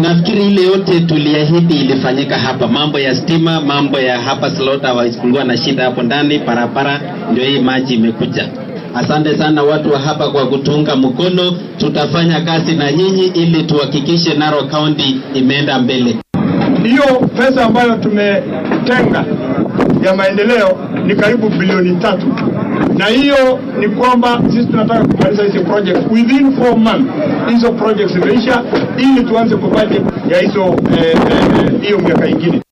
nafikiri ile yote tuliahidi ilifanyika hapa, mambo ya stima, mambo ya hapa slota wakulikuwa na shida hapo ndani barabara, ndio hii maji imekuja. Asante sana watu wa hapa kwa kutunga mkono. Tutafanya kazi na nyinyi ili tuhakikishe Narok County imeenda mbele hiyo pesa ambayo tumetenga ya maendeleo ni karibu bilioni tatu, na hiyo ni kwamba sisi tunataka kumaliza hizi project within four months. Hizo project zimeisha ili tuanze kwa budget ya hizo hiyo eh, eh, eh miaka ingine.